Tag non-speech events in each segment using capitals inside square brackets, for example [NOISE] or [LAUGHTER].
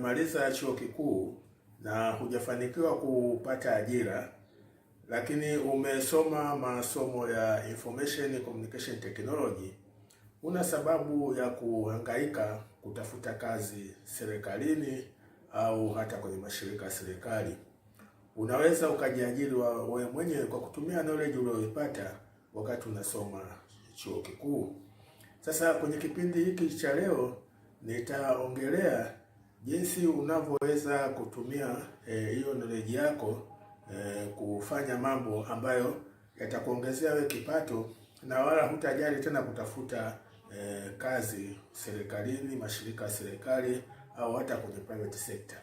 umemaliza chuo kikuu na hujafanikiwa kupata ajira, lakini umesoma masomo ya information communication technology, una sababu ya kuhangaika kutafuta kazi serikalini au hata kwenye mashirika ya serikali. Unaweza ukajiajiri wewe mwenyewe kwa kutumia knowledge uliyoipata wakati unasoma chuo kikuu. Sasa kwenye kipindi hiki cha leo nitaongelea Jinsi unavyoweza kutumia eh, hiyo e, knowledge yako e, kufanya mambo ambayo yatakuongezea wewe kipato na wala hutajali tena kutafuta e, kazi serikalini, mashirika ya serikali au hata kwenye private sector.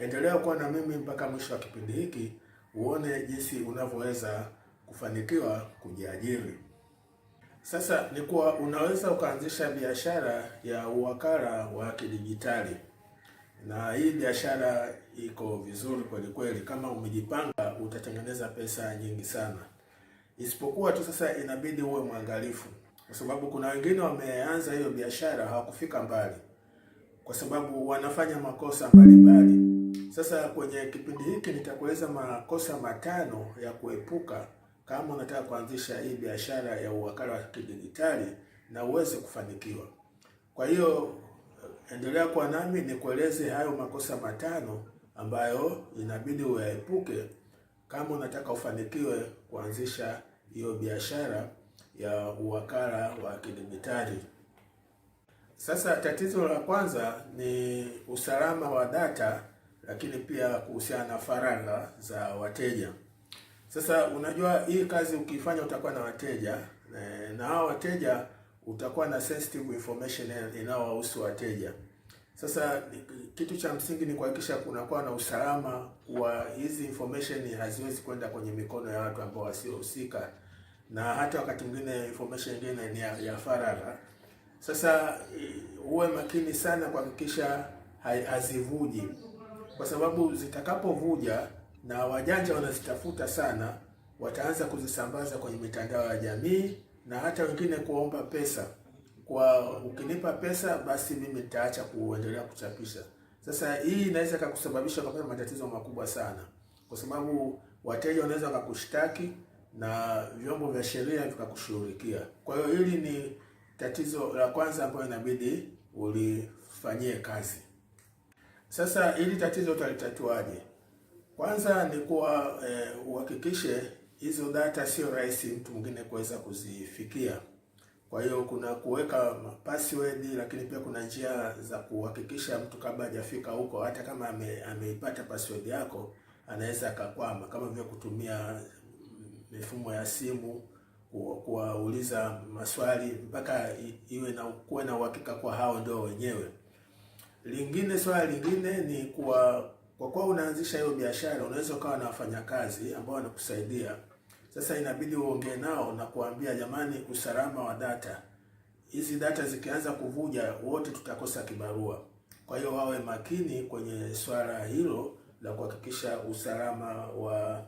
Endelea kuwa na mimi mpaka mwisho wa kipindi hiki uone jinsi unavyoweza kufanikiwa kujiajiri. Sasa ni kuwa unaweza ukaanzisha biashara ya uwakala wa kidijitali na hii biashara iko vizuri kweli kweli. Kama umejipanga utatengeneza pesa nyingi sana, isipokuwa tu sasa inabidi uwe mwangalifu, kwa sababu kuna wengine wameanza hiyo biashara hawakufika mbali, kwa sababu wanafanya makosa mbalimbali. Sasa kwenye kipindi hiki nitakueleza makosa matano ya kuepuka kama unataka kuanzisha hii biashara ya uwakala wa kidijitali na uweze kufanikiwa. Kwa hiyo Endelea kwa nami nikueleze hayo makosa matano ambayo inabidi uyaepuke kama unataka ufanikiwe kuanzisha hiyo biashara ya uwakala wa kidigitali Sasa tatizo la kwanza ni usalama wa data, lakini pia kuhusiana na faragha za wateja. Sasa unajua hii kazi ukiifanya utakuwa na wateja na hao wateja utakuwa na sensitive information inayowahusu wateja. Sasa kitu cha msingi ni kuhakikisha kunakuwa na usalama wa hizi information, haziwezi kwenda kwenye mikono ya watu ambao wasiohusika, na hata wakati mwingine information nyingine ni ya, ya faragha. Sasa uwe makini sana kuhakikisha hazivuji, kwa sababu zitakapovuja na wajanja wanazitafuta sana, wataanza kuzisambaza kwenye mitandao ya jamii na hata wengine kuomba pesa kwa ukinipa pesa basi mimi nitaacha kuendelea kuchapisha. Sasa hii inaweza kukusababisha kupata matatizo makubwa sana, kwa sababu wateja wanaweza wakakushtaki na vyombo vya sheria vikakushughulikia. Kwa hiyo hili ni tatizo la kwanza ambalo inabidi ulifanyie kazi. Sasa hili tatizo utalitatuaje? Kwanza ni kuwa eh, uhakikishe hizo data sio rahisi mtu mwingine kuweza kuzifikia. Kwa hiyo kuna kuweka password, lakini pia kuna njia za kuhakikisha mtu kabla hajafika huko, hata kama ame, ameipata password yako anaweza akakwama, kama vile kutumia mifumo ya simu kuwauliza maswali mpaka iwe na kuwe na uhakika kwa hao ndio wenyewe. Lingine, swala lingine ni kuwa kwa kuwa unaanzisha hiyo biashara, unaweza ukawa na wafanyakazi ambao wanakusaidia. Sasa inabidi uongee nao na kuambia, jamani, usalama wa data hizi, data zikianza kuvuja, wote tutakosa kibarua. Kwa hiyo wawe makini kwenye swala hilo la kuhakikisha usalama wa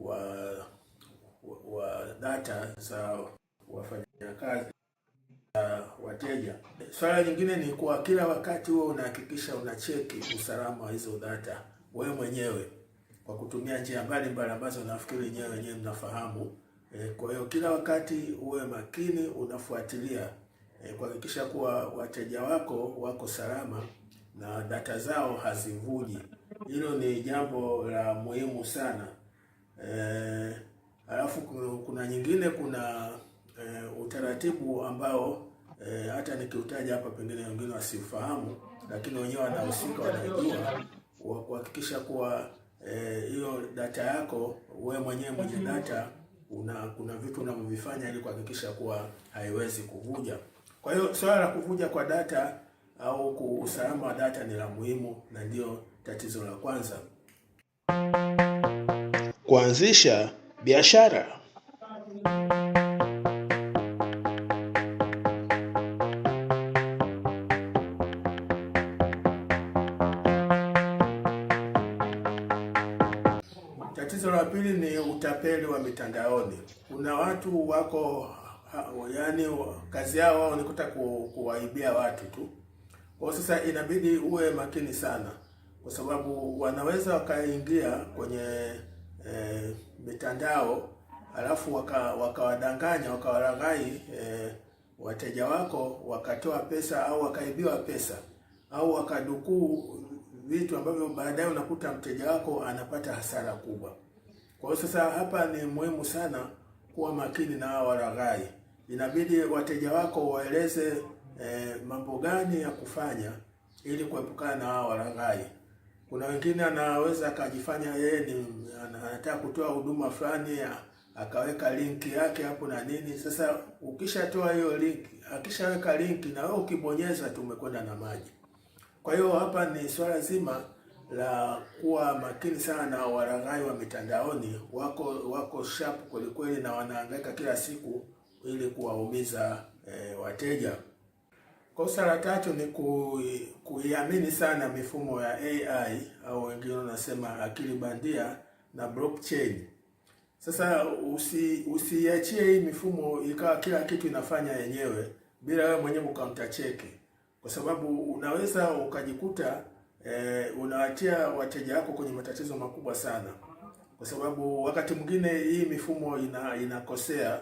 wa wa data za wafanyakazi uh, wateja. Swala lingine ni kuwa kila wakati huo unahakikisha unacheki usalama wa hizo data wewe mwenyewe kwa kutumia njia mbalimbali ambazo nafikiri nyewe wenyewe mnafahamu. E, kwa hiyo kila wakati uwe makini unafuatilia e, kuhakikisha kuwa wateja wako wako salama na data zao hazivuji. Hilo ni jambo la muhimu sana. E, alafu kuna nyingine kuna eh, utaratibu ambao eh, hata nikiutaja hapa pengine wengine wasiufahamu, lakini wenyewe wanahusika, wanaijua wa kuhakikisha kuwa eh, hiyo eh, data yako we mwenyewe mwenye mhm. data una, kuna vitu unavyovifanya ili kuhakikisha kuwa haiwezi kuvuja. Kwa hiyo swala la kuvuja kwa data au usalama wa data ni la muhimu na ndio tatizo la kwanza. Kuanzisha biashara. utapeli wa mitandaoni. Kuna watu wako yani, kazi yao wao ni ku, kuwaibia watu tu. Kwa sasa inabidi uwe makini sana, kwa sababu wanaweza wakaingia kwenye e, mitandao alafu wakawadanganya waka wakawalaghai e, eh, wateja wako wakatoa pesa au wakaibiwa pesa au wakadukuu vitu ambavyo baadaye unakuta mteja wako anapata hasara kubwa. Kwa hiyo sasa hapa ni muhimu sana kuwa makini na hao walaghai. Inabidi wateja wako waeleze eh, mambo gani ya kufanya ili kuepukana na hao walaghai. Kuna wengine anaweza akajifanya yeye ni anataka kutoa huduma fulani akaweka linki yake hapo na nini. Sasa ukishatoa hiyo linki, akishaweka linki na wewe ukibonyeza tu umekwenda na maji. Kwa hiyo hapa ni swala zima la kuwa makini sana na warangai wa mitandaoni. Wako wako sharp kwelikweli, na wanaangaika kila siku ili kuwaumiza e, wateja. Kosa la tatu ni ku, kuiamini sana mifumo ya AI au wengine wanasema akili bandia na blockchain. Sasa usi, usiiachie hii mifumo ikawa kila kitu inafanya yenyewe bila wewe mwenyewe ukamtacheke, kwa sababu unaweza ukajikuta e, unawatia wateja wako kwenye matatizo makubwa sana, kwa sababu wakati mwingine hii mifumo ina, inakosea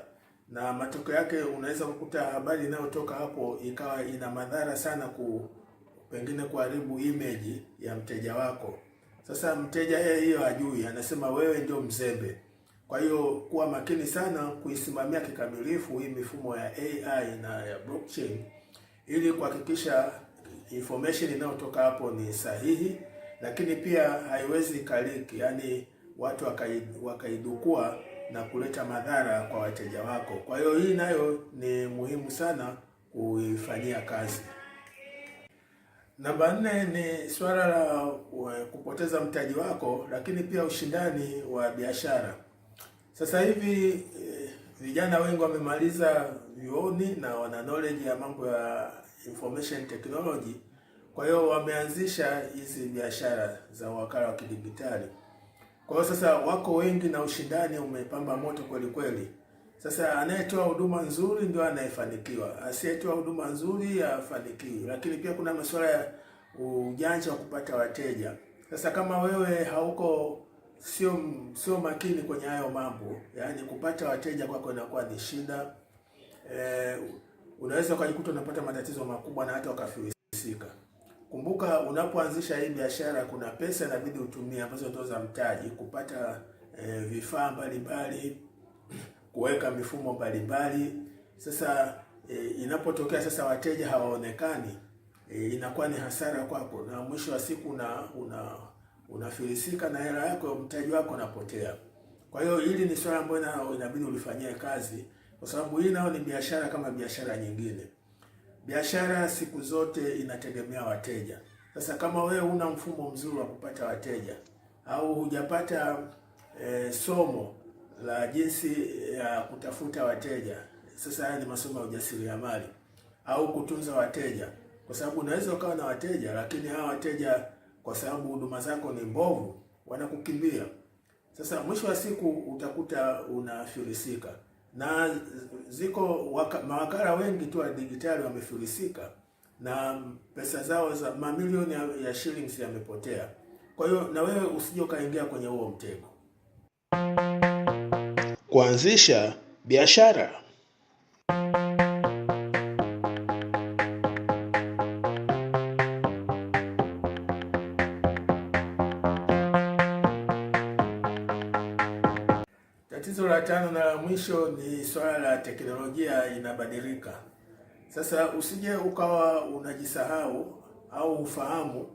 na matokeo yake unaweza kukuta habari inayotoka hapo ikawa ina madhara sana ku pengine kuharibu image ya mteja wako. Sasa mteja yeye hiyo ajui anasema wewe ndio mzembe. Kwa hiyo kuwa makini sana kuisimamia kikamilifu hii mifumo ya AI na ya blockchain ili kuhakikisha information inayotoka hapo ni sahihi, lakini pia haiwezi kaliki, yaani watu wakaidukua na kuleta madhara kwa wateja wako. Kwa hiyo hii nayo ni muhimu sana kuifanyia kazi. Namba nne ni suala la kupoteza mtaji wako, lakini pia ushindani wa biashara. Sasa hivi eh, vijana wengi wamemaliza vioni na wana knowledge ya mambo ya information technology. Kwa hiyo wameanzisha hizi biashara za wakala wa kidigitali. Kwa hiyo sasa wako wengi na ushindani umepamba moto kweli kweli. Sasa anayetoa huduma nzuri ndio anayefanikiwa, asiyetoa huduma nzuri hafanikiwi. Lakini pia kuna masuala ya ujanja wa kupata wateja. Sasa kama wewe hauko sio sio makini kwenye hayo mambo, yaani kupata wateja kwako inakuwa ni shida eh, unaweza ukajikuta unapata matatizo makubwa na hata ukafilisika. Kumbuka, unapoanzisha hii biashara kuna pesa inabidi utumie ambazo ndio za mtaji kupata eh, vifaa mbalimbali, [CLEARS THROAT] kuweka mifumo mbalimbali. Sasa eh, inapotokea sasa wateja hawaonekani eh, inakuwa ni hasara kwako, na mwisho wa siku una, una unafilisika na hela yako, mtaji wako unapotea. Kwa hiyo hili ni swala ambalo inabidi ulifanyie kazi kwa sababu hii nayo ni biashara kama biashara nyingine. Biashara siku zote inategemea wateja. Sasa kama wewe una mfumo mzuri wa kupata wateja au hujapata e, somo la jinsi ya kutafuta wateja, sasa haya ni masomo ya ujasiriamali au kutunza wateja, kwa sababu unaweza ukawa na wateja lakini hawa wateja, kwa sababu huduma zako ni mbovu, wanakukimbia. Sasa mwisho wa siku utakuta unafilisika na ziko waka, mawakala wengi tu wa digitali wamefilisika na pesa zao za mamilioni ya, ya shillings yamepotea. Kwa hiyo na wewe usije ukaingia kwenye huo mtego. Kuanzisha biashara tano na la mwisho ni swala la teknolojia inabadilika. Sasa usije ukawa unajisahau au ufahamu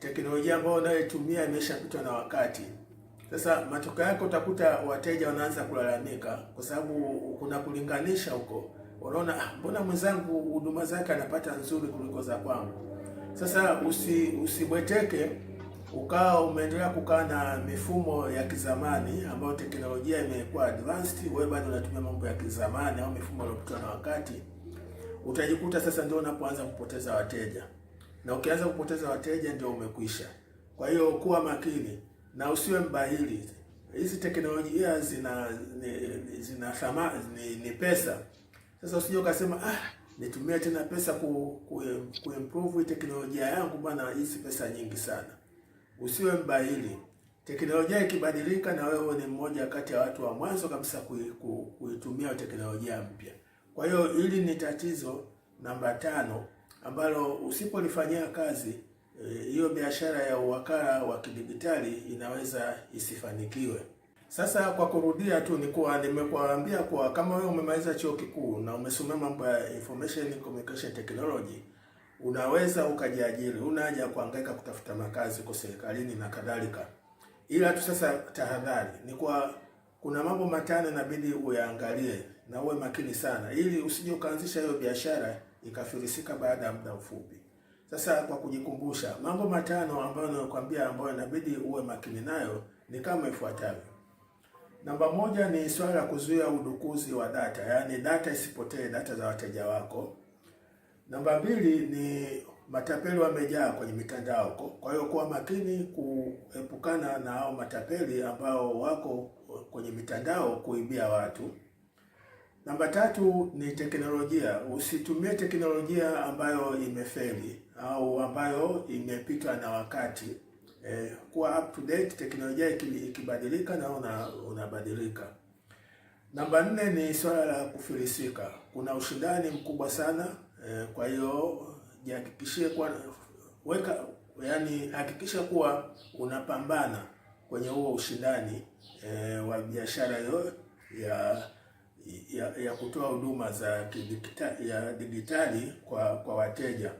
teknolojia ambayo unayotumia imeshapitwa na wakati. Sasa matokeo yake utakuta wateja wanaanza kulalamika, kwa sababu kuna kulinganisha huko, unaona ah, mbona mwenzangu huduma zake anapata nzuri kuliko za kwangu. Sasa usi, usibweteke ukawa umeendelea kukaa na mifumo ya kizamani ambayo teknolojia imekuwa advanced, wewe bado unatumia mambo ya kizamani au mifumo iliyopitwa na wakati, utajikuta sasa ndio unapoanza kupoteza wateja, na ukianza kupoteza wateja ndio umekwisha. Kwa hiyo kuwa makini na usiwe mbahili. Hizi teknolojia zina ni, zina thama, ni, ni pesa. Sasa usije ukasema ah, nitumia tena pesa ku, ku, improve teknolojia yangu bwana, hizi pesa nyingi sana usiwe mbaili. Teknolojia ikibadilika, na wewe ni mmoja kati ya watu wa mwanzo kabisa kuitumia teknolojia mpya. Kwa hiyo hili ni tatizo namba tano ambalo usipolifanyia kazi eh, hiyo e, biashara ya uwakala wa kidigitali inaweza isifanikiwe. Sasa kwa kurudia tu ni kuwa nimekuambia kuwa kama wewe umemaliza chuo kikuu na umesomea mambo ya information communication technology unaweza ukajiajiri, una haja ya kuhangaika kutafuta makazi kwa serikalini na kadhalika. Ila tu sasa, tahadhari ni kwa kuna mambo matano inabidi uyaangalie na uwe makini sana, ili usije ukaanzisha hiyo biashara ikafilisika baada ya muda mfupi. Sasa kwa kujikumbusha, mambo matano ambayo nayokwambia ambayo inabidi uwe makini nayo ni kama ifuatavyo. Namba moja ni swala la kuzuia udukuzi wa data, yaani data isipotee, data za wateja wako. Namba mbili ni matapeli wamejaa kwenye mitandao, kwa hiyo kuwa makini kuepukana na hao matapeli ambao wako kwenye mitandao kuibia watu. Namba tatu ni teknolojia. Usitumie teknolojia ambayo imefeli au ambayo imepitwa na wakati. E, kuwa up to date, teknolojia ikibadilika na una, unabadilika. Namba nne ni swala la kufilisika. Kuna ushindani mkubwa sana E, kwa hiyo jihakikishie kwa weka, yani hakikisha kuwa unapambana kwenye huo ushindani e, wa biashara hiyo ya ya, ya kutoa huduma za kidigitali, ya digitali kwa kwa wateja.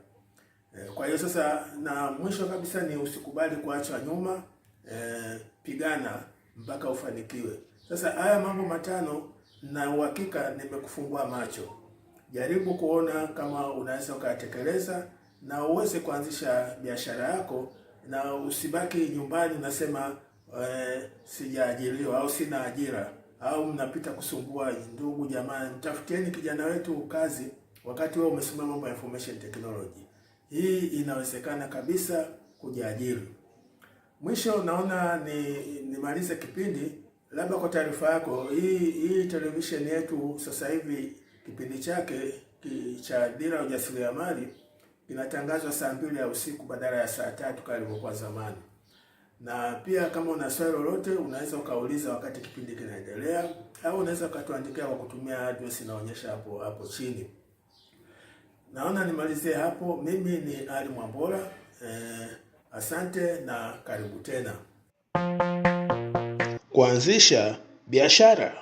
E, kwa hiyo sasa, na mwisho kabisa ni usikubali kuachwa nyuma. E, pigana mpaka ufanikiwe. Sasa haya mambo matano na uhakika nimekufungua macho jaribu kuona kama unaweza ukayatekeleza na uweze kuanzisha biashara yako, na usibaki nyumbani unasema e, sijaajiriwa au sina ajira, au mnapita kusumbua ndugu jamaa. Mtafutieni kijana wetu kazi, wakati wewe umesoma mambo ya information technology. Hii inawezekana kabisa kujiajiri. Mwisho naona ni nimalize kipindi labda kwa taarifa yako, hii hii television yetu sasa hivi Kipindi chake cha Dira ya Ujasiriamali kinatangazwa saa mbili ya usiku badala ya saa tatu kama ilivyokuwa zamani. Na pia kama una swali lolote unaweza ukauliza wakati kipindi kinaendelea, au unaweza ukatuandikia kwa kutumia address inaonyesha hapo hapo chini. Naona nimalizie hapo. Mimi ni Ali Mwambola. Eh, asante na karibu tena. Kuanzisha biashara